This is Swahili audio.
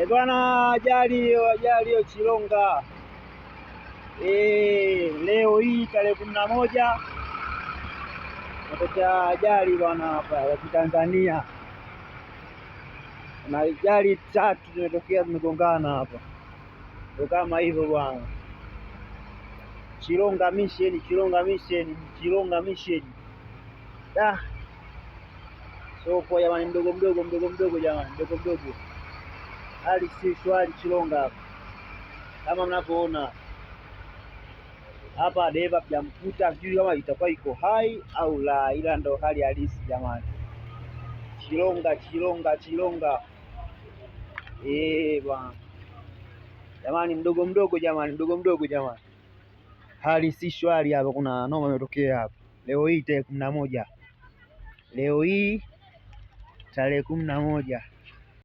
E bwana, ajali ajali hiyo Chilonga. E, leo hii tarehe kumi na moja natokea ajali bwana hapa ya Kitanzania na ajali tatu zimetokea zimegongana hapa, ndio kama hivyo bwana. Chilonga misheni, Chilonga misheni, Chilonga misheni ah. da soko jamani, mdogo mdogo mdogo mdogo jamani, mdogo mdogo hali si shwari Chilonga hapa, kama mnavyoona hapa Deva jamkuta, sijui kama itakuwa iko hai au la, ila ndo hali halisi jamani. Chilonga, Chilonga, Chilonga eh, bwana jamani, mdogo mdogo jamani, mdogo mdogo jamani, hali si shwari hapa, kuna noma imetokea hapa leo hii tarehe kumi na moja leo hii tarehe kumi na moja